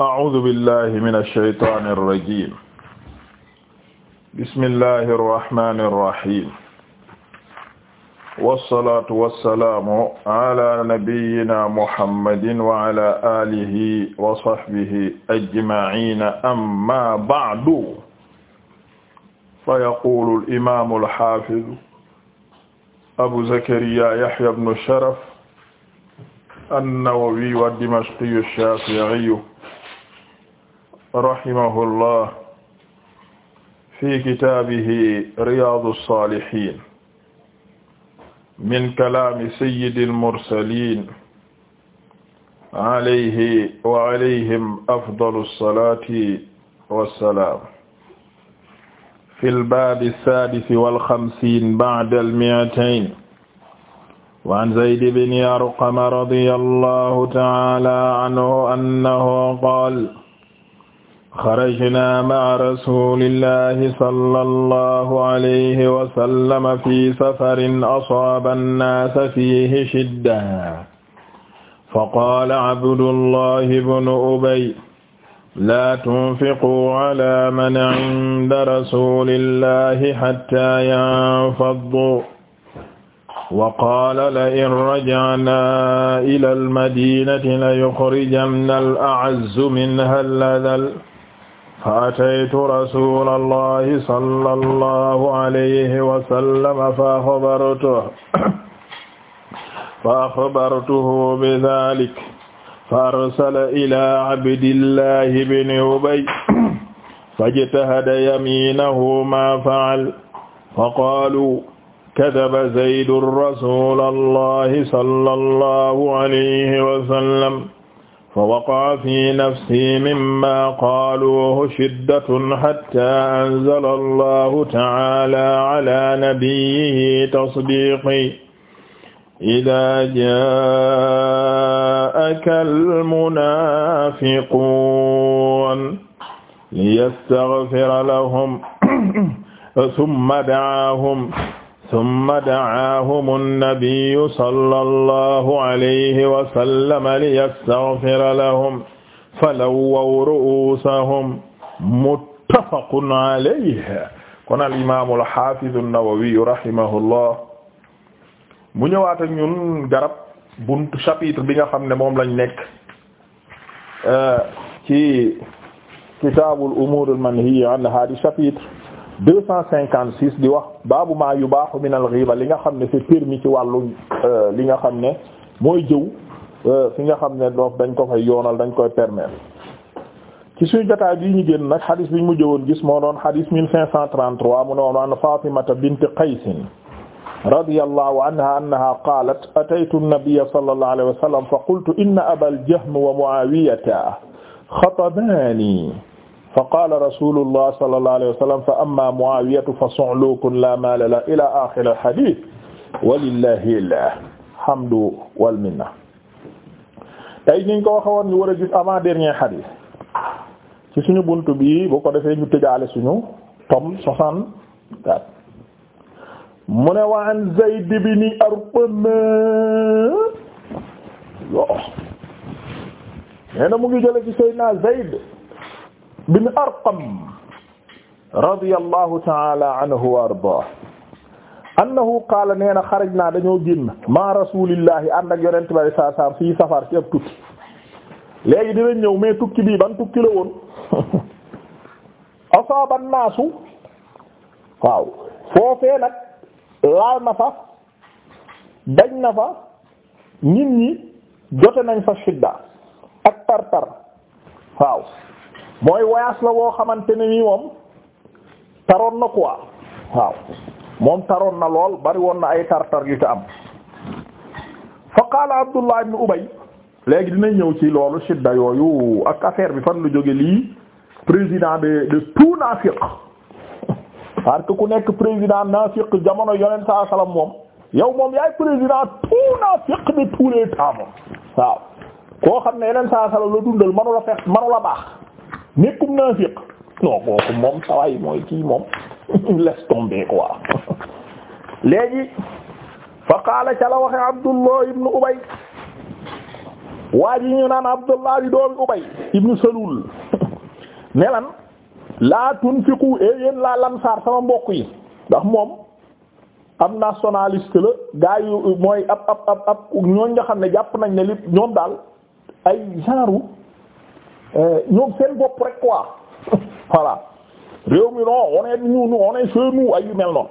أعوذ بالله من الشيطان الرجيم بسم الله الرحمن الرحيم والصلاة والسلام على نبينا محمد وعلى آله وصحبه أجمعين أما بعد فيقول الإمام الحافظ أبو زكريا يحيى بن الشرف النووي الدمشقي الشافعي rahimahullah fi kitaabihi riyaadu saalihiin min kalaami sayyidil mursaliin alayhi wa alayhim afdalu salaati wa salaam fil baabi saadisi wal xamsiin ba'dal mi'atayn wa an Zayd ibn Arqam radiyallahu ta'aala anhu annahu qaala xarajnaa ma'a rasuulillahi sallallahu alayhi wa sallam fi safarin asaaba annaasa fiihi shidda faqaala abdullahi bnu ubay laa tunfiquu calaa man cinda rasuulillahi hattaa yanfadduu waqaala la'in rajacnaa ilal madiinati layuxrijanna al acazzu minhaa al adall fa ataytu rasula allahi sala allahu alayhi wasallama fa axbartuhu fa axbartuhu bidalik fa arsala ila abdillahi bni ubay fajtahada yaminahu ma faal fa qaalu kadaba zaydun rasula allahi sala allahu alayhi wasallam fa waqaa fi nafsi mimma qaaluuhu shiddatun hatta anzala allahu ta'ala ala nabiyyihi tasdiiqi idaa jaa'aka almunaafiquun liyastaghfira lahum summa da'aahum summa da'aahum an-nabiyyu sallallahu alayhi wa sallam liyastaghfira lahum falawwaw ru'uusahum muttafaqun alayhi kon al-imaam al-haafiz an-Nawawi rahimahullah mu ñëwaat ak ñun garab buntu chapitre bi nga xam ne moom lañ nekk euh, ci kitaabul umuuril manhiyyi anhaa chapitre. deux cent cinquante six di wax baabu maa yu baaxu min al ghiba li nga xam ne c'est permis ci wàllu euh, li nga xam ne mooy jëw euh, fi nga xam ne doof dañ ko fay yoonal dañ koy permettre ci suñu jotaay bi ñu génn nag xadis bi ñu mujj woon gis moo doon xadis in cinq cent trente-trois mu ne woon an Fatimata bint Qays radiyallahu anha annaha qaalat ataytu an-nabiyya sallallahu alayhi wa sallam fa qultu inna abal jahm wa muawiyata xatabani fa qaala rasulullah sallallahu alayhi wa sallam fa amma muawiyatu fa la mala la ila axir alhadith walillahi alhamdu wal minna tey niñ ko waxe woon ñu war a gis avant dernier hadith ci suñu bunt bi boo ko defee ñu tëjaale suñu tome soixante mu ne wa an Zayd ibn Arqam yo nee na mu ngi jële ci Seydina Zayd bin Arqam radiyallahu ta'ala anhu wa ardaah annahu nee na xaraj naa dañoo génn ma rasulillahi ànd ak yonent bi saa saa fii safar ci ab tukki léegi dinañ ñëw mais tukki bii ban tukki la woon asaaba naasu waaw foofee laal na dañ na fa jote nañ fa shidda ak tar-tar waaw mooy voyage la woo xamante ne nii moom taroon na quoi waaw moom taroon na lool bari woon na ay tartar yu te am fa qaala Abdullah ibn Ubay léegi dina ñëw ci loolu shidda yooyu ak affaire bi fan lu jóge lii président de de tout naafiq parce que ku nekk président naafiq jamono yonent saa moom yow moom yaay président tout naafiq de tous les temps waaw koo xam ne yeneen saa salaam la dundal manu la fex manu la baax nekkum naafiq non kooku moom sawaay mooy kii moom laisse tomber quoi léegi fa qaala ca la waxe Abdullah ibnu Ubay waa ji ñu naan Abdullah bi doomi Ubay ibnu Salul ne laa tunfiqu e yéen laa lansaar sama mbokk yi ndax moom am nationaliste la gaa yu mooy ab ab ab ab ñooñ nga xam ne jàpp nañ ne li ñoom daal ay genre Eh, ñoom seen bopp rek quoi voilà réew mi non on est nous ay mel noonu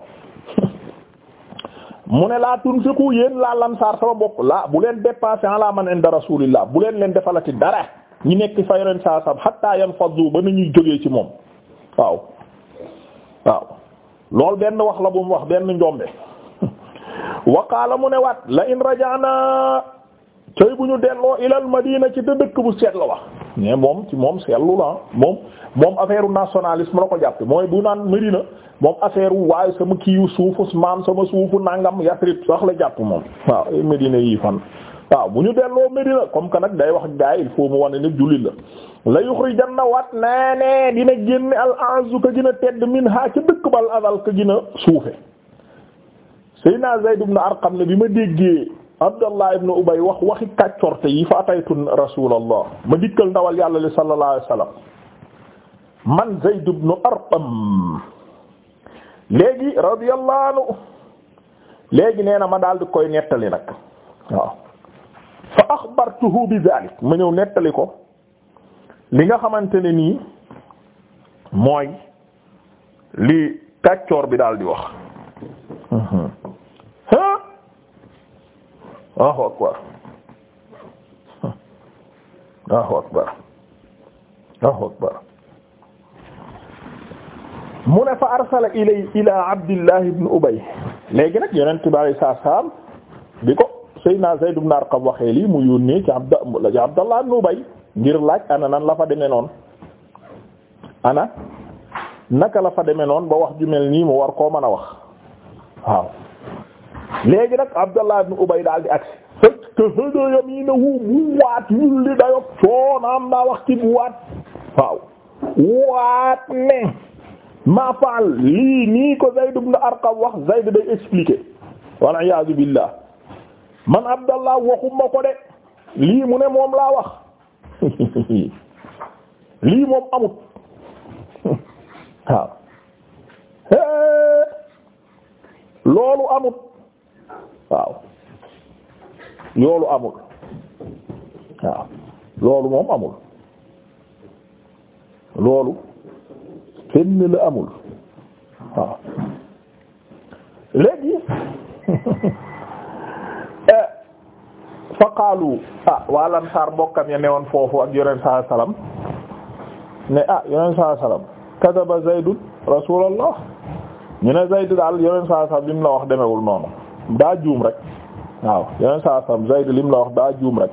mu ne laa tunfiqu yéen laa lamsaar sama bopp laa bu leen dépensé ala man inda rasulillah bu leen leen defalati dara ñu nekk fa yoreen saa sam hatta yanfadu ba nu ñuy jógee ci moom waaw waaw loolu benn wax la bu mu wax benn njombe waqaala mu ne waat la in rajaana tey bu ñu delloo ilal madina ci te dëkk bu seet la wax mais moom ci moom seetlu la moom moom affaire nationalisme la ko jàpp mooy bu naan mëri na moom affaire waaye sama kiiwu suufu maam sama suufu nangam Yasrib wax la jàpp moom waaw Medina yi fan waaw bu ñu delloo Medina comme que nag day wax gaay il faut mu wane ne jullit la la yuxrijanna wat nee ne dina génne al a'zu ka gën a tedd minha ca dëkk bal adal ka gën a suufe Seydina Zayd ibn Arqam ne bi ma déggee Abdallah ibn Ubay wax waxi kàccorte yi fa ataytu rasulallah ma dikkal ndawal yàlla li sallallahu alayhi man Zayd ibn Arqam léegi radiyallahu léegi neena ma daal di koy nettali nag waaw fa axbartuhu bi zalik ma ñëw nettali ko li nga xamante ne nii mooy li kàccoor bi daal wax mhm. Allahu akbar Allahu akbar Allahu akbar mu ne fa arsala ilay ila Abdullah ibn Ubay léegi nag yonent bi saa saam bi ko Seydina Zayd ibn Arqam waxee lii mu yónnee ci Abd ci Ubay ngir laaj ana nan la fa demee noonu ana naka la fa demee noonu ba wax ju nii mu war koo mën a wax waaw. léegi nag Abdallah ibn Ubay daal di agsi fekk hada yaminahu mu waat ñun li dayog coonaam naa wax ci waat waaw waat ne maa faal lii nii ko Zayd ibn Arqam wax Zayd day expliquer wal iyaazu billah man Abdallah waxuma ko de lii mu ne moom laa wax lii moom amut waaw loolu amut waaw loolu amul waaw loolu moom amul loolu fenn la amul waaw léegi eh, fa qaalu ah waa Ansaar mbokkam ya newoon foofu ak yoneen saa salaam ne ah yoneen saa salaam kadaba Zaydun rasulallah daal yoneen sa salaam li mu la wax demewul noonu daa juum rek waaw yeneen saa sam Zayd lim la wax daa juum rek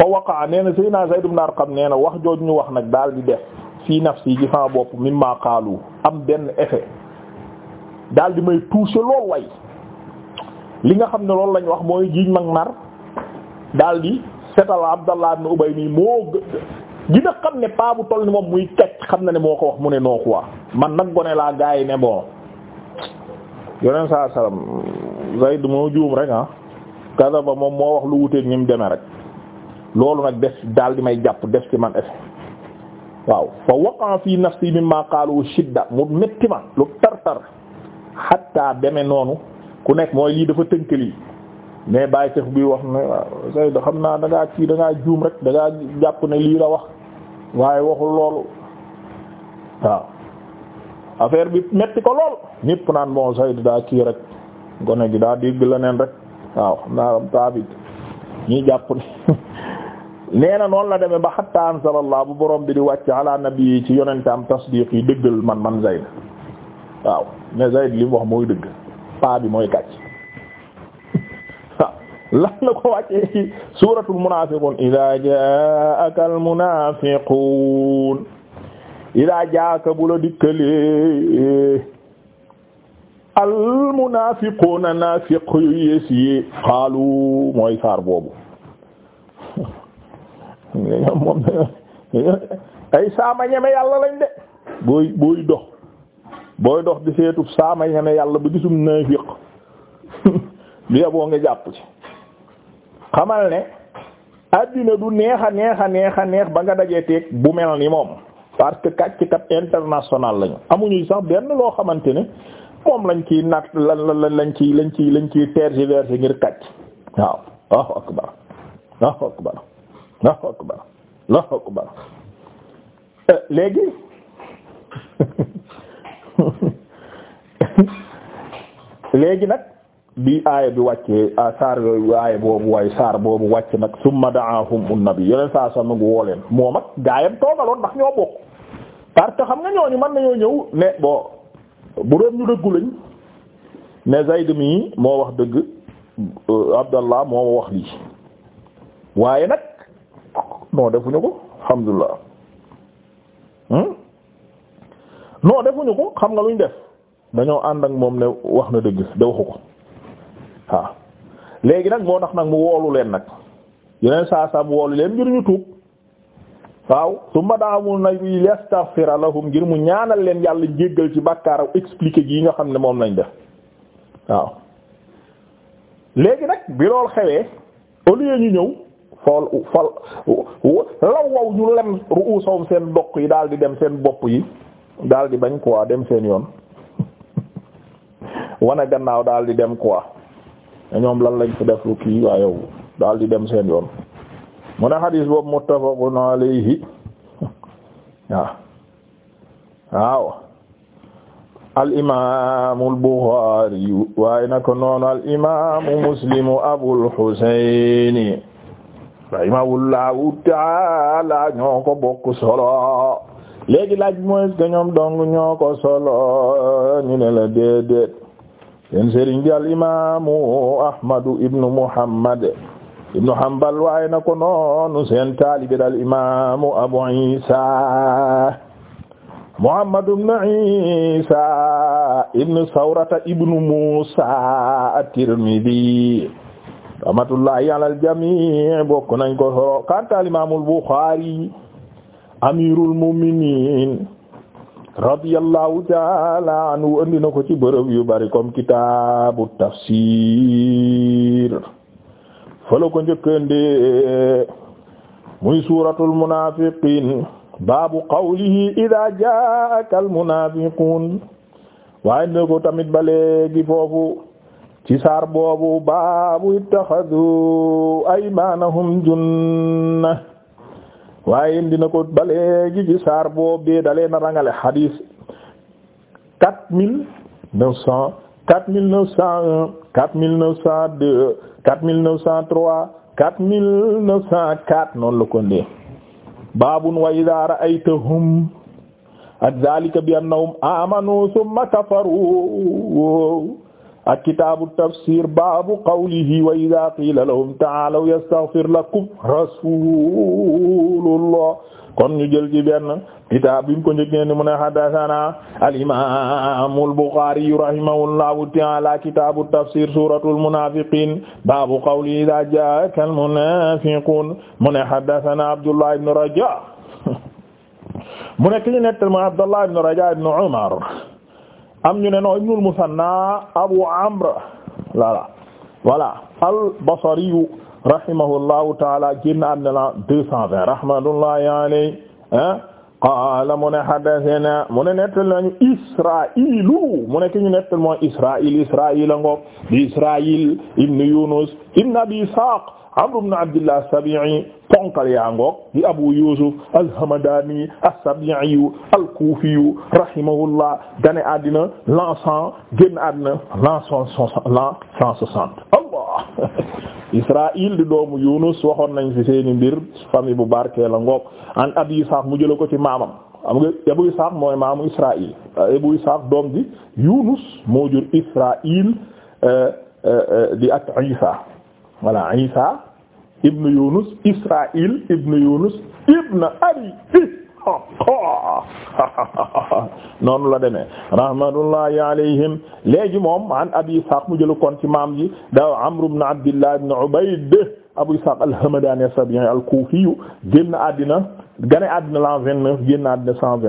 fa waqa nee na Seydina Zayd ibn Arqam nee na wax jooju ñu wax nag daal di def fii nafsi ci sama bopp mimma qaalu am benn effet daal di may toucher lool way li nga xam ne loolu lañ wax mooy jiñ mag nar daal di setal Abdallah ibn Ubay nii moo gina xam ne paa bu toll ni moom muy kecc xam na ne moo ko wax mu ne noo quoi man nag gone laa gaa yi ne bon na saa salaam Zayd moo juum rek ah kaza ba moom moo wax lu wuteeg ñi mu demee rek loolu nag def daal di may jàpp def ci man effet waaw fa waqa fi nafsi mimma qaalu shidda mu métti ma lu tar-tar xatta deme noonu ku nekk mooy lii dafa tënk lii mais bàyyi tef bi wax ne Zayd xam naa da ngaa kii da juum rek dangaa jàpp ne lii la wax waaye waxul loolu waaw affaire bi metti ko lool. ñépp naan moo Zayd daa kii gone gi daa dégg leneen rek waaw naaram taabit ñi jàpp ne nee na noonu la demee ba hatta anzalallah bu borom bi di wàcc ala nabi ci yonentam tasdiq yi dëggal man man Zayd waaw ne Zayd li mu wax mooy dëgg paa bi mooy kàcc lan la ko wàccee ci suuratul munaafiqun idaa jaa'aka al munaafiquun idaa almunafiquna nafiq yu yées yi xaalu mooy saar boobu moom ay saama ñeme yàlla lañ de booy booy dox booy dox di seetub saama ñeme yàlla bu gisum nafiq bi boo nga jàpp ci xamal ne àddina du neex a neex a neex a neex ba nga dajee teeg bu mel ni moom parce que kàcc kat international lañu amuñu sax benn loo xamante ne moom lañ ciy nat lan lañ ciy lañ ciy lañ ciy tergiverser ngir kàcc waaw Allahu akbar Allahu akbar Allahu akbar Allahu akbar euh, léegi léegi nag bi aaya bi wàcce ah, saar yooyu aaya boobu waaye saar boobu wàcc nag summa da'ahum an-nabi yeneen saa sa nangu woo moom ak gaayam toogaloon ndax ñoo bokk parce xam nga ñooñu mën nañoo ñëw ne boo bu doon ñu dëggu lañ ne Zayd mii moo wax dëgg euh, Abdallah moo wax lii waaye nag non defuñu ko alhamdulilah hmm? non defuñu ko xam nga luñ def dañoo ànd ak moom ne wax na dëgg de waxu ko waaw léegi nag moo tax nag mu woolu leen nag yeneen saa saa mu woolu leen ngir ñu tuub waaw summa daamul na yastaghfira lahum ngir mu ñaanal leen yàlla jéggal ci bàkkaar expliqué gi nga xam ne moom nañ def waaw léegi nag bi lool xewee au ñu ñëw fool fol law wow ñu lem ruusawum seen doq yi daal di dem seen bopp yi daal bañ quoi dem seen yoon wane gannaaw daal dem quoi ñoom lan lañu fi def lu kii waa yow daal di dem seen yoon mu ne boobu muttafaqun alayhi waaw waaw al imaamu al Buxaari waaye naka noonu al imaamu Muslimu Abul Husayni ta'ala ñoo bokk solo léegi laaj mooy que ñoom dong ñoo solo ñu la déedéet seen sëriñ di al imaamu Ahmadu Muhammad ibnu Hanbal waaye na ko noonu seen Abu Isa Muhammad ibnu Isa ibnu Sawrata ibnu Musa at-Tirmidhi rahmatullahi ala al-jamii bokk nañ ko solo kantaal imaamul Bukhari ta'ala anhu andi na ko ci bërëb yu bari comme kitaabu tafsir fala ko njëkkandi muy suuratul munaafiqiin baabu qawlihi idaa jaa'aka almunaafiquun waaye ne ko tamit ba foofu ci saar boobu baabu ittaxadu aymaanahum junna waaye indi na ko ba léegi ci saar boobu bee dalee na rangale xadiis quatre mille neuf cent quatre mille neuf cent un quatre mille neuf cent deux quatre mille neuf cent trois quatre mille neuf cent quatre noonu la ko ndee baabun wa ak zalika bi annahum amanu summa kafaru ak kitaabu tafsir baabu qawlihi wa idha qila lahum ta'aalaw yastaghfir lakum rasulullah kon ñu jël ci benn kitaab bi mu ko njëkkee ni mu ne haddathana al-imam al-Bukhari rahimahullahu ta'ala kitaabu tafsir suratul munafiqin baabu qawlihi idha ja'aka al-munafiqun mu ne haddathana Abdullah ibn Raja mu ne ki ñu nettal ma Abdullah ibn Raja ibn Umar am ñu ne noo ibnul musanna abu amr voilà voilà al basri rahimahullahu taala génn àddina la 220 rahmatullahi alayhi qaala mu ne haddathana mu ne nettal nañu israilu mu ne ki ñu nettal mooy israil israil a ngoog di israil ibn yunus ibn abi ishaq amr ibn abdillah as-sabi'i ponkal yaa ngoog di abu yusuf al-hamadani as-sabi'i al-kufi rahimahullah gane àddina l'an cent génn àddina l'an cent soixante Israil di doomu Yunus waxoon nañ ci seeni mbir famille bu barkee la ngoog an Abi Ishaq mu jëla ko ci maamam am Ishaq mooy maamu Israil euh, Abu Ishaq doom ji Yunus moo jur Israil euh, euh, di ak Isa voilà Isa ibnu Yunus Israil ibnu Yunus ibnu Ari noonu la deme rahmatullahi alayhim léegi moom an abi ishaq mu jëlu kon ci maam ji da amr ibn abdillah ibn ubayd abu ishaq al-hamdani as al-kufi génn àddina gane àddina l'an vingt àddina cent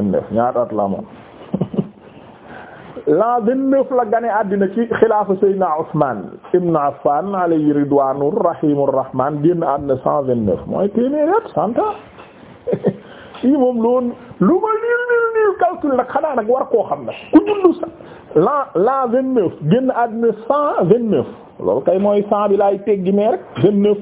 la moom l'an vingt-neuf la gane àddina ci xilaafa sayyidina Usman ibn Affan alayhi ridwanur rahimur rahman génn àddina cent vingt-neuf mooy kii moom loon lu ma niil niil niil calcul nag xanaa nag war koo xam nag ku juddu sa l'an l'an vingt neuf génn àddina cent vingt neuf loolu kay mooy cent bi laay teggi mais rek vingt neuf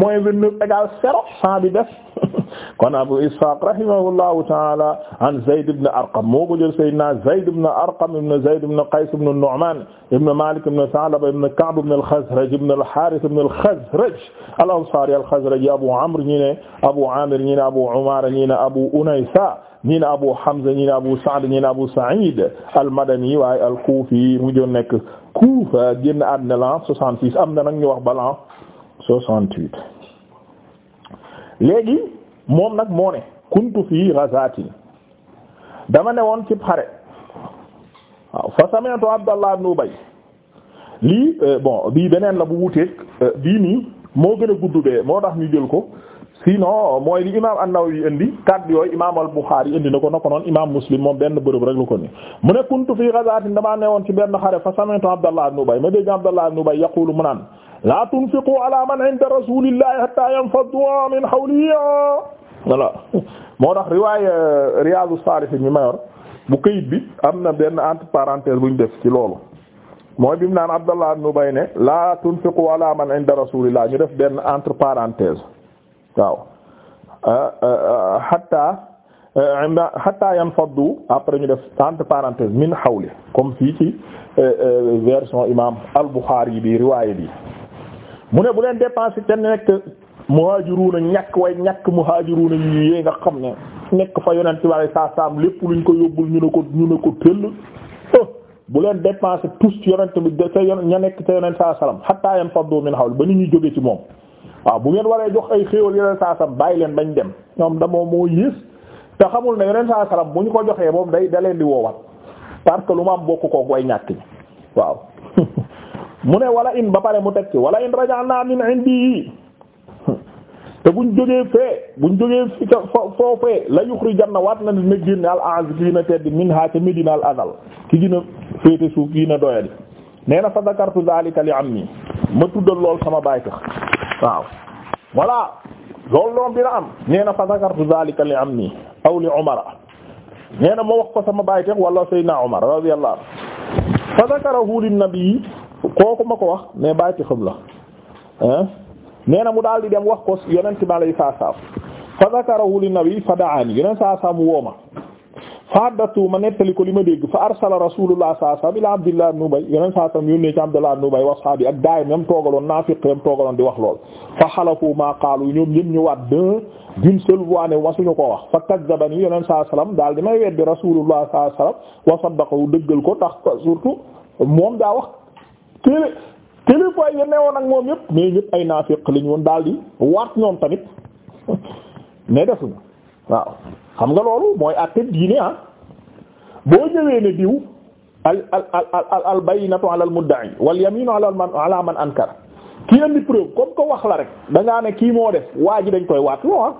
moins vingt neuf égal zéro cent bi def kon Abu Ishaq rahimahullahu ta'ala an Zayd ibn Arqam moo ko jël sayyidina Zayd ibn Arqam ibn Zayd ibn Qays ibn Nu'man ibn Malik ibn Tha'laba ibn Ka'b ibn al-Khazraj ibn al-Harith ibn al-Khazraj al-Ansari al-Khazraji Abu Amr ñi ne Abu Amir ñi ne Abu Umara ñi ne Abu Unaysa ñi ne Abu Hamza ñi ne Abu Sa'd ñi ne Abu Sa'id al-Madani waaye al-Kufi mu doon nekk Kufa génn àddina la 66 am na nag ñu wax ba la 68 léegi moom nag moo ne kuntu fii ghazatin dama ne woon cib xare waaw fa sami'tu Abdallah ibn Ubay lii euh, bon bii beneen la bu wuteeg euh, bii nii moo gën a gudd bee moo tax ñu jël ko sinon mooy li imaam an-Nawawi indi kaddu yooyu imaam al indi na ko na ko imaam Muslim moom benn bërëb rek la ko ni mu ne kuntu fii ghazatin damaa ne woon ci benn xare fa sami'tu Abdallah ibn Ubay ma dégg Abdallah ibn Ubay yaqulu mu naan la tunfiqu ala man inda rasulillahi hatta yanfaddu min hawlihi voilà moo tax riwaay euh, Riyadou Salihine bi ma yor bu këyit bi am na benn entre parenthèse bu ñu def ci loolu mooy bi mu naan Abdallah ibn Ubay ne la tunfiqu ala man inda rasulillah ñu def benn entre parenthèse waaw euh, euh, hatta hatta yanfaddu après ñu def entre parenthèse min hawli comme fii ci version imam al-Bukhari bi riwaay bi mu ne bu leen dépensé te nekk muhajiruna ñàkk way ñàkk na ñu yee nga xam ne nekk fa yonent bi sallallahu alayhi wasallam lépp luñ ko yóbbul ñu ne ko ñu ne ko tëll oh, bu leen dépensé tous yonent bi te ña nekk te yonent sallallahu alayhi wasallam hatta yan faddu min hawl ba ni ñuy jóge ci moom waaw bu ngeen waree jox ay xéewal yonent sallallahu alayhi wasallam bàyyi leen bañ dem ñoom da moo yées te xamul ne yonent sallallahu alayhi wasallam ñu ko joxee moom day da leen di woowaat parce que lu ma am bokk ko goy ñàkk ñi mu ne wala in ba pare mu teg ci wala in raja'na min indi te buñ jógee fee buñ jógee foofee la yuxrijanna waat na ne génne al aaz ki gën a tedd minha ca Medina al adal ki gën a féete suuf ki gën a doyadi nee na fa zakartu zalika li ammi ma tuddal lool sama baay tax waaw voilà loolu doom dina am nee na fa zakartu zalika li ammi aw li Umara nee na ma wax ko sama baay tax wala Seydina Umar radiyallahu fa zakarahu lin nabi kooku ma ko wax mais bàyyi ci xam la ah nee na mu daal di dem wax ko yeneen yonent bi alayhi salaam fa zakarahu li nabi fa da'ani yonent saa saa mu woo ma fa addatu ma nettali ko li ma dégg fa arsala rasulullah saa saa ila abdillah ibn ubay yonent saa saa mu yónnee ci abdillah ibn ubay wa sahaabi ak gaayam yam toogaloon naafiq yam toogaloon di wax lool. fa xalafu ma qaalu ñoom ñëpp ñu waat d'un d'une seule voix ne ko wax fa kazzabani yonent saa salaam daal di may weddi rasulullah saa salaam wa saddaqahu dëggal ko tax surtout moom kili kilifa yi newoon ak moom yëpp mais ñëpp ay naafiq lañu woon daal di waat ñoom tamit mais defuñu waaw xam nga loolu mooy àtte diine ah boo ñëwee ne diw al al al al bayyinatu ala al mudda'i wal yaminu ala man ala man ankara kii andi preuve comme ko wax la rek da ne kii moo def waa ji dañ koy waat loo ah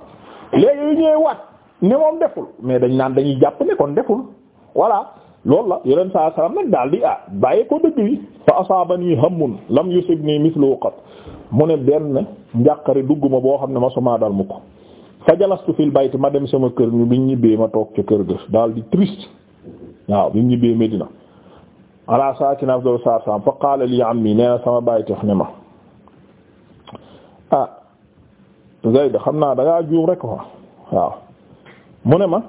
léegi yu ñëwee waat ne moom deful mais dañ naan dañuy jàpp ne kon deful voilà. loolu la yeneen saa salaam nag daal di ah bàyyi ko dëgg yi fa asaabani hammun lam yusibni mithlu qat mu ne benn njàqare dugg ma boo xam ne ma suma dal mu ko fa jalastu fil bayti ma dem sama kër ñu bi ñibbee ma toog ca kër ga daal di triste waaw bi ñibbee Medina ala sakin afdal saa salaam fa qaala li ammi nee na sama bàyyi tax ne ma ah Zayd xam naa da juum rek waaw mu ne ma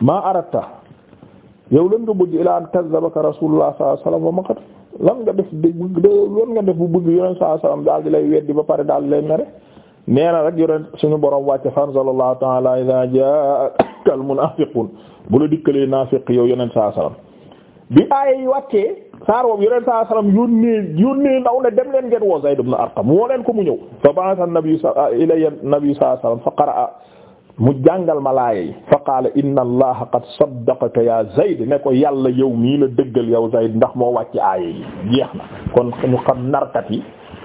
maa arata yow lan nga bëgg ila an kazzabaka rasulullah sallallahu alayhi wasallam wa maqat lan nga def de lan nga def bu bëgg yonent sallallahu alayhi wasallam daal di lay weddi ba pare daal di lay mere nee na rek yonent suñu borom wàcce fanzalallahu ta'ala idha ja'aka al munafiqun bu la dikkalee naafiq yow yonent sallallahu alayhi wasallam bi aaya yi wàccee saar woom yonent sallallahu alayhi wasallam yónnee yónnee ndaw ne dem leen ngeen woo Zayd ibn Arqam woo leen ko mu ñëw fa ba'atha an-nabiy ilayya an-nabiy sallallahu alayhi wasallam fa qara'a mu jàngal ma laaya yi fa qaala qad saddaqaka ya zayd ne ko yàlla yow mii la dëggal yow zayd ndax moo wàcc aaya yi na kon ñu xam narkat yi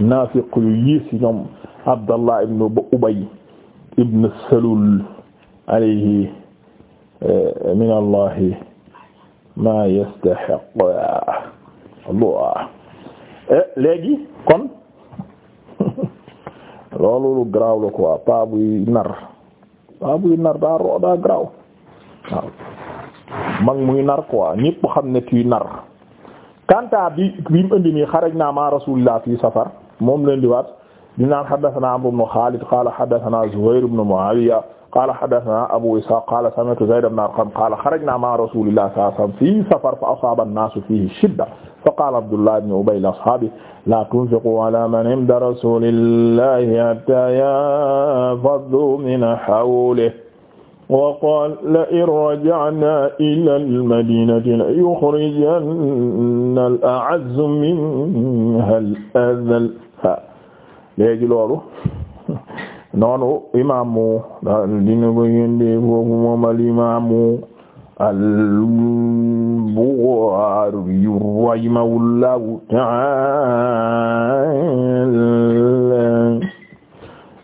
naafiq yu yiis ñoom abdallah ibnu ba salul alayhi eh, ma yastahiq allah eh, léegi kon loolu lu garaaw la nar waaw buy nar daa roo daa graw waaw mag muy nar quoi ñépp xam ne kii nar kanta bi bi mu indi nii xaraj naa ma rasulillah fii safar moom leen di waat di naan haddathana Amr ibn Khalid qala haddathana Zuhayr ibn Mu'awiya qala haddathana Abu Ishaq qala sami'tu Zayd ibn Arqam qala kharajna ma'a rasulillahi sallallahu alayhi wa sallam fi safar fa asaba an-nasu fihi shidda fa qala Abdullah ibn Ubay li ashabihi la tunfiqu ala man inda rasulillahi hatta yanfaddu min hawlihi waqal la'in raja'naa ilal madiinati layuxrijanna al-a'azzu minhaa al-azall léegi loolu noonu imaamu dina ko yëndee foofu moom al imaamu al-Bukhari rahimahullahu ta'ala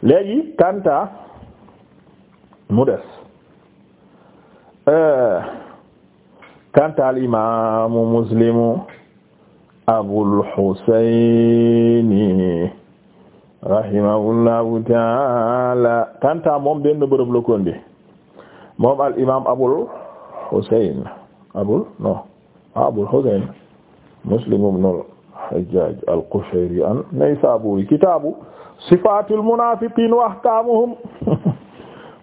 léegi kanta mu des kanta al imaamu Muslimu Abul Husayn rahimahullahu taala kanta moom benn bërëb la ko moom al imaam Abul Husayn Abul non Abul Husayn Muslim ibn al al-Qushayri an-Naysaburi kitaabu sifaatil munaafiqiin wa ahkaamuhum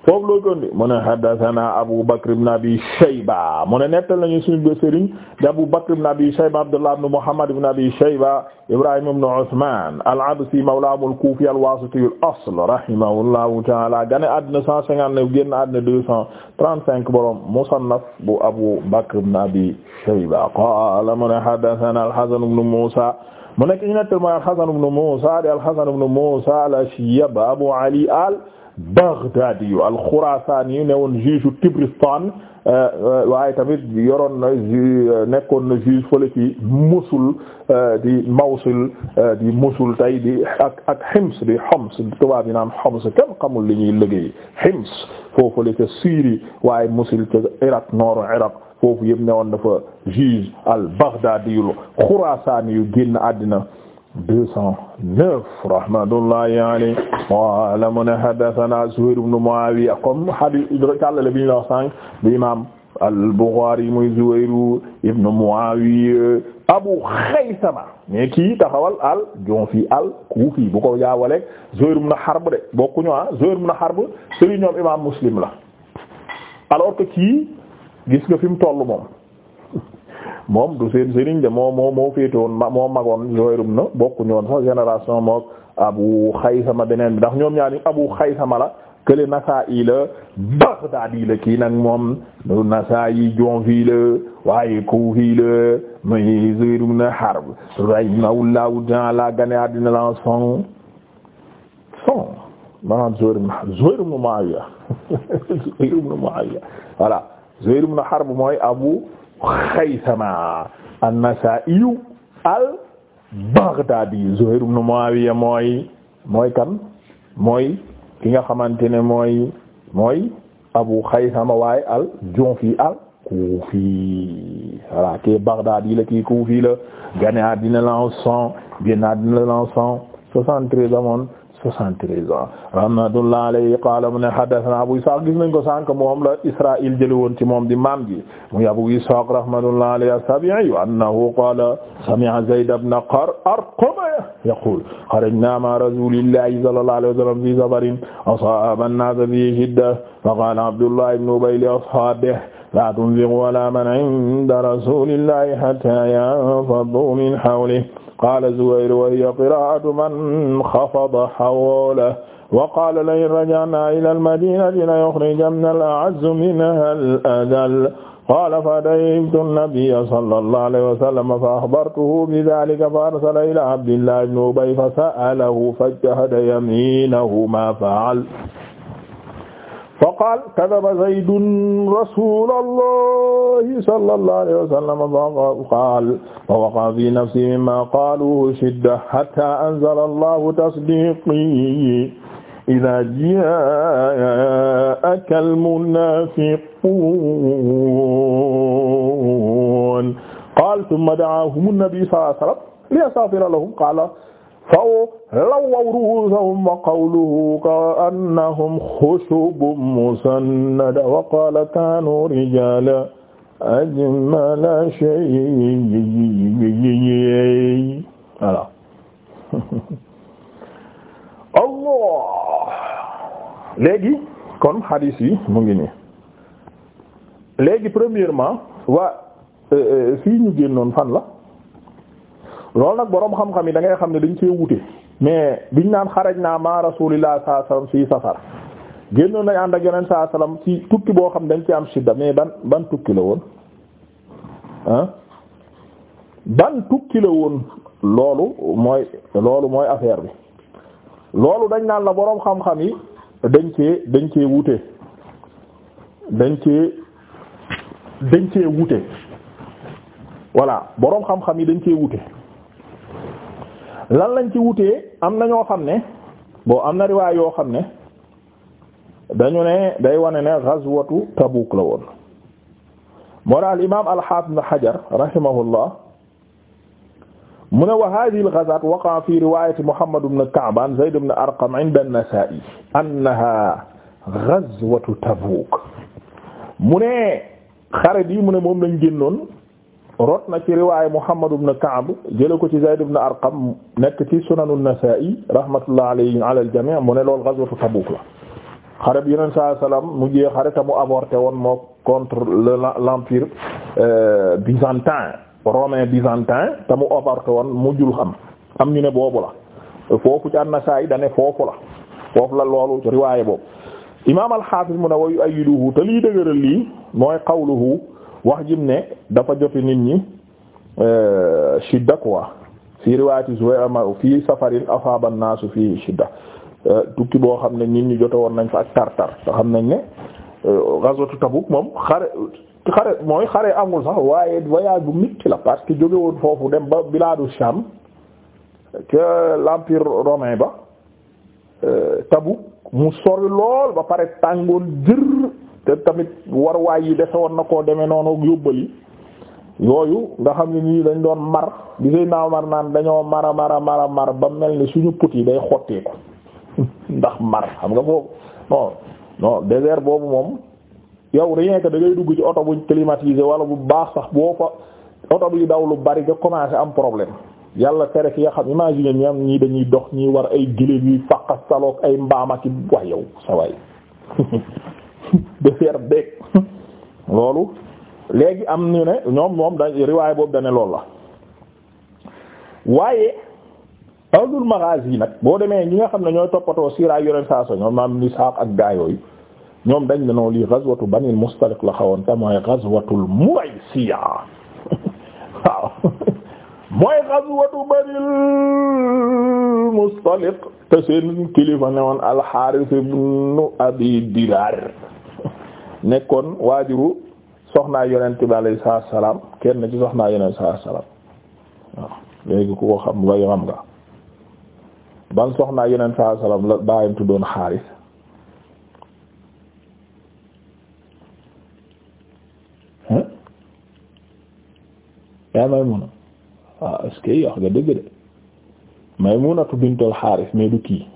foofu loo gondi mu ne haddathana Abu Bakr ibn Abi Shayba mu ne nettal nañu suñu be sëriñ di Abu Bakr ibn Abi Shayba Abdullah ibn Muhammad ibn Abi Shayba Ibrahim ibn Uthman al-Absi mawlahum al-Kufi al-Wasiti al-asl rahimahullahu ta'ala gane àddina 159 génn àddina 235 borom Musannaf bu Abu Bakr ibn Abi Shayba qala mu ne haddathana al-Hasan ibn Musa mu nekk ñu nettal mooy al-Hasan ibn Musa di al-Hasan ibn Musa al-Ashyab Abu Ali al Baghdadi yu al-Khurasani yu newoon juge Tibristan euh, waaye tamit yoroon na euh, nekkoon na juge fole ci Mosul euh, di Mawsul di Mosul tey di ak ak Hims di Homs tubaab yi naan Homs kenn xamul li ñuy liggéey Hims foofu la ca Syrie waaye Mosul ca Irak nooru Irak foofu yëpp newoon dafa juge al-Baghdadi yu Khurasani yu àddina deux cent neuf rahmatullahi alayhi wala mu ne hadathana Zuhayr ibn Muawiya comme hadith càllale bi ñu la wax sànq bi imam al-Bukhari muy Zuhayr ibn Muawiya Abu Khaythama mais kii taxawal al-Jufi al-Kufi bu ko jaawaleeg Zuhayr ibn Harb de bokkuñu ah Zuhayr ibn Harb sëriñ ñoom imam Muslim la alors kii gis nga fi mu toll moom moom du seen sëriñ de moo moo moo féete ma moo magoon Zuhayrum na bokkuñu sax génération mook Abu Xaysama beneen bi ndax ñoom ñaar ni Abu Xaysama la kële Nasaa'i la Bagdaadi kii nag moom Nasaa'i Jonville waaye Kuufi la muy Zuhayrum na la son son na Zuhayrum na Muawiya Zuhayrum na Muawiya voilà mooy Abu Xaysama an-Nasaa'iyu al-Baghdaadi Zuhayr ibn Muawiya mooy mooy kan mooy ki nga xamante ne mooy mooy Abu Xaysama waaye al-Ju'fi al-Kuufi voilà kii Baghdaadi la kii Kuufi la gane àddina l'an cent génn àddina l'an cent soixante-treize amoon 73 ans rahmatullah alayhi qaala mu ne haddathana Abu Ishaq gis nañ ko sànq moom la Israa'il jële woon ci moom di maam ji muy Abu Ishaq rahmatullah alayhi as-Sabi'i annahu qaala sami'a Zayd ibn Arqama yaqul kharajna ma'a rasulillahi sallallahu alayhi wa sallam fi safarin asaba an-nas fi shidda fa qala Abdullah ibn Ubay li ashabihi la tunfiqu ala man 'inda rasulillahi hatta yanfaddu min hawlihi qaala Zuhayr wa hiya qiraa'atu man xafada hawlahu wa qaala la'in raja'naa ilal madiinati layukhrijanna al-a'azzu minhaa al-adhall qaala fadaytu an-nabiyya sallallahu alayhi wa sallam fa akhbartuhu bidhaalika fa arsala ilaa Abdillah ibn Ubay fa sa'alahu fajtahada yamiinahu maa fa'ala faqaal kadaba zaydun rasulallahi sallallahu alayhi wa sallam faqaal wa waqa fi nafsi mimma qaaluhu shidda hatta anzala allahu tasdiqi idaa jaa'aka almunaafiquun qaal thumma da'aahum an-nabi sallallahu alayhi wa sallam liyastaghfira lahum qaala faw lawwaw ru'uusahum wa qawluhu ka'annahum xushubun musannada wa qaala kaanu rijaala ajmala shay voilà Allah léegi kon hadis yi mu ngi nii léegi premièrement waa euh, euh, fii ñu génnoon fan la loolu nag boroom xam-xam yi dangay xam ne dañ cee wute mais biñ naan xaraj naa ma rasulillah sallallahu alayhi wasallam fii safar génnoon nañ ànd ak yeneen sallallahu alayhi wasallam tukki boo xam ne dañ ci am sidda mais ban ban tukki la woon ban tukki la woon loolu mooy loolu mooy affaire bi loolu dañ naan la boroom xam-xam yi dañ cee dañ cee wute dañ cee dañ cee wute voilà boroom xam-xam yi dañ cee wute lan lañ ci wutee am na ñoo xam ne boo am na riwaay yoo xam ne dañu ne day wane ne ghazwatu Tabuk la woon moo daal imaam al-Hafiz Ibn Hajar rahimahullah mu ne wa hadhihi al-ghazwat waqa'a fi riwayati Muhammad ibn Ka'b an Zayd ibn Arqam 'inda an-Nasa'i annaha ghazwatu Tabuk mu ne xare bi mu ne moom lañ génnoon rot na ci riwaaya Muhammad ibn Ka'b jële ko ci Zayd ibn Arqam nekk ci Sunan an-Nasa'i rahmatullah alayhi ala al-jami' mu ne loolu ghazwatu Tabuk la xare bi yeneen saa salaam mu jiyee xare te mu avorté woon moo contre l'empire euh, byzantin romain byzantin te mu avorté woon mujjul xam am ñu ne boobu la foofu ci an-Nasa'i da ne foofu la foofu la loolu riwaaya boobu imaam al-Hafiz mu ne wa yu'ayyiduhu te lii dëgëral lii mooy qawluhu wax jim ne dafa joti nit ñi euh, shidda quoi fi riwaayati Zuhayma fii safarin asaaba an-naasu fii shidda euh, tukki boo xam ne nit ñi jote woon nañ fa ak tar-tar te xam nañ ne euh, ghazwatu Tabuk moom xare mooy xare amul sax waaye voyage bu mitti la parce que jóge foofu dem ba bilaadu Sham ca l'empire romain ba Tabuk mu sori lool ba pare tàngoon jër te tamit waruwaay yi dese woon na koo demee noonu ak yóbbali yooyu nga xam ne nii dañ doon mar di say naaw mar naan dañoo mara mara mara mar ba mel ni suñu put yi day xotteeku ndax mar xam nga foofu non non boobu moom yow rien que da ngay dugg ci oto bu climatisé wala bu baax sax boo fa oto yi daw lu bari nga commencé am problème yàlla tere fi nga xam imagine ñi am ñii dañuy dox ñuy war ay gëléem yuy fàqa saloog ay mbaamaki ak wax yow sa waay de fer loolu léegi am ñu ne ñoom moom da riwaay boobu dane lool la waaye ahlul maghazi nag boo demee ñi nga xam ne ñooy toppatoo siiraay yoneen saa sa ñoom maam ni saaq ak gaayooyu ñoom dañ lanoo lii ghazwatu banil mustaliq la xawoon te mooy ghazwatul muraysiya waaw mooy xazwatu Badil Mustaliq te seen kilifa ne woon al-Haaris ibn Abi Diraar nekkoon waajuru soxnaa yonent bi alayhi salaam kenn ci soxnaa yonent salaam waaw léegi ku ko xam nga xam nga ban soxnaa salaam la baayam tuddoon Haaris yaa may mun ah est-ce que wax nga dëgg de Maymunatu bintul Haaris mais du kii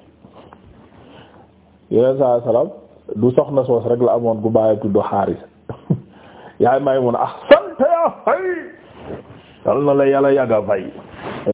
yeneen saa salaam du soxna soos rek la amoon bu bàyyi tudd Haaris yaay Maymuna ahsanta yaa fay yal na la yàlla yàgga fay